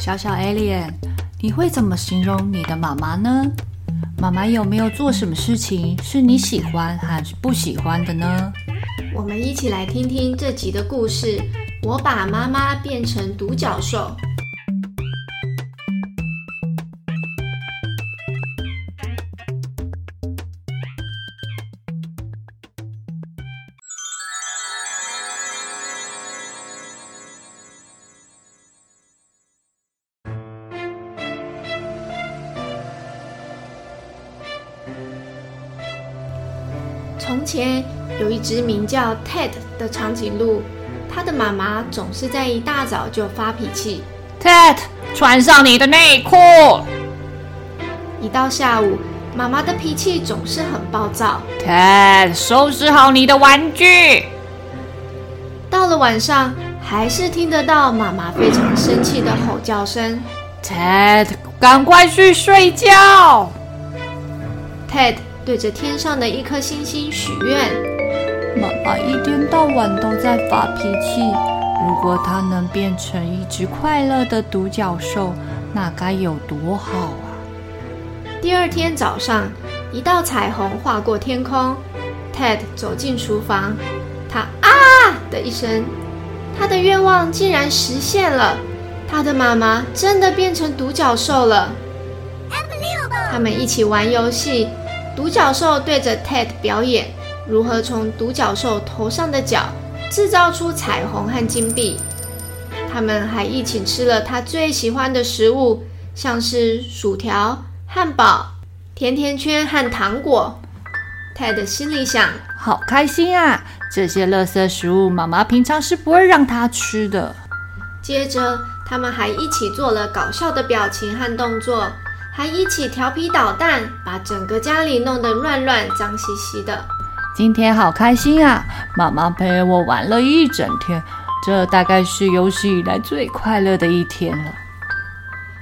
小小 Alien，你會怎麼形容你的媽媽呢？媽媽有沒有做什麼事情是你喜歡還是不喜歡的呢？我們一起來聽聽這集的故事。我把媽媽變成獨角獸。從前有一隻名叫 Ted 的長頸鹿，他的媽媽總是在一大早就發脾氣：“Ted，穿上你的內褲！”一到下午，媽媽的脾氣總是很暴躁：“Ted，收拾好你的玩具！”到了晚上，還是聽得到媽媽非常生氣的吼叫聲：“Ted，趕快去睡覺！” Ted 對着天上的一顆星星許願：“媽媽一天到晚都在發脾氣，如果她能變成一隻快樂的獨角獸，那該有多好啊！”第二天早上，一道彩虹劃過天空。Ted 走進廚房，他啊的一聲，他的願望竟然實現了，他的媽媽真的變成獨角獸了。Unbelievable. 他們一起玩遊戲。獨角獸對着 Ted 表演如何從獨角獸頭上的角制造出彩虹和金幣。他們還一起吃了他最喜歡的食物，像是薯條、漢堡、甜甜圈和糖果。Ted 心裡想：好開心啊！這些垃圾食物媽媽平常是不會讓他吃的。接着，他們還一起做了搞笑的表情和動作。還一起調皮搗蛋，把整個家裡弄得亂亂，髒兮兮的。今天好開心啊！媽媽陪我玩了一整天，這大概是有史以來最快樂的一天了。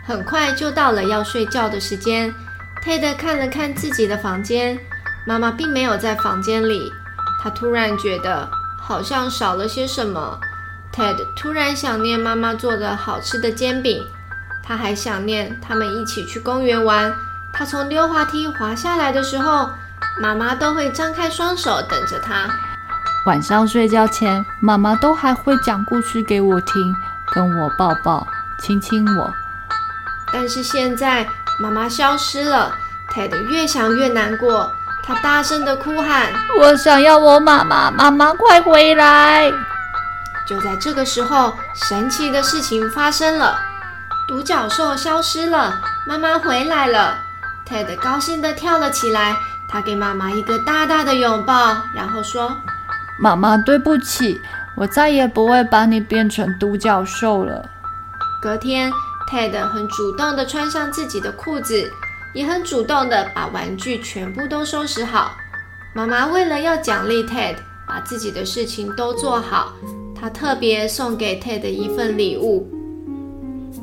很快就到了要睡覺的時間，Ted 看了看自己的房間，媽媽並沒有在房間裡。他突然覺得好像少了些什麼。Ted 突然想念媽媽做的好吃的煎餅。他還想念他們一起去公園玩，他從溜滑梯滑下來的時候，媽媽都會張開雙手等着他。晚上睡覺前，媽媽都還會講故事給我聽，跟我抱抱，親親我。但是現在媽媽消失了，泰德越想越難過，他大聲的哭喊：“我想要我媽媽，媽媽快回來！”就在這個時候，神奇的事情發生了。獨角獸消失了，媽媽回來了。Ted 高興地跳了起來，他給媽媽一個大大的擁抱，然後說：“媽媽，對不起，我再也不會把你變成獨角獸了。”隔天，Ted 很主動地穿上自己的褲子，也很主動地把玩具全部都收拾好。媽媽為了要獎勵 Ted，把自己的事情都做好，她特別送給 Ted 一份禮物。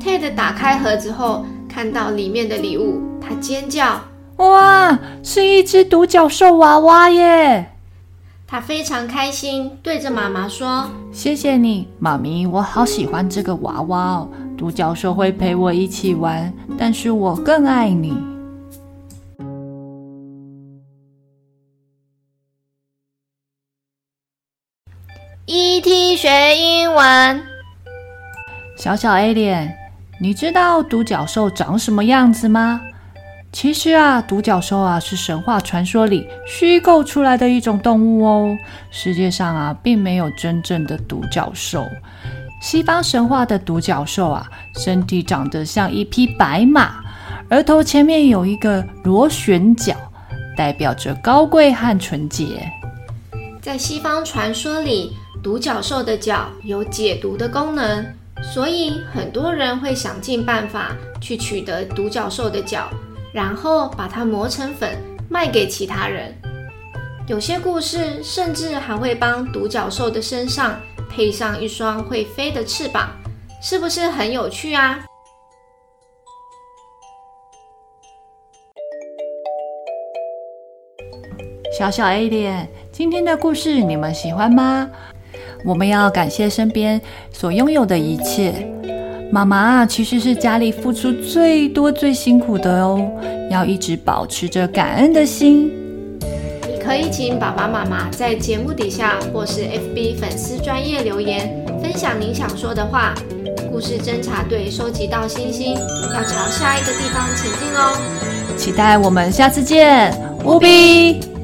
Ted 打開盒子後，看到裡面的禮物，他尖叫：“哇，是一隻獨角獸娃娃耶！”他非常開心，對着媽媽說：“謝謝你，媽咪，我好喜歡這個娃娃哦。獨角獸會陪我一起玩，但是我更愛你。”ET 學英文，小小 alien 你知道獨角獸長什麼樣子嗎？其實啊，獨角獸啊是神話傳說裡虛構出來的一種動物哦。世界上啊，並沒有真正的獨角獸。西方神話的獨角獸啊，身體長得像一匹白馬，額頭前面有一個螺旋角，代表着高貴和純潔。在西方傳說裡，獨角獸的角有解毒的功能。所以很多人會想盡辦法去取得獨角獸的角，然後把它磨成粉賣給其他人。有些故事甚至還會幫獨角獸的身上配上一雙會飛的翅膀，是不是很有趣啊？小小 Alien，今天的故事你們喜歡嗎？我們要感謝身邊所擁有的一切。媽媽、啊、其實是家裡付出最多、最辛苦的哦，要一直保持着感恩的心。你可以請爸爸媽媽在節目底下或是 FB 粉絲專頁留言，分享您想說的話。故事偵查隊收集到星星，要朝下一個地方前進哦。期待我們下次見，烏比。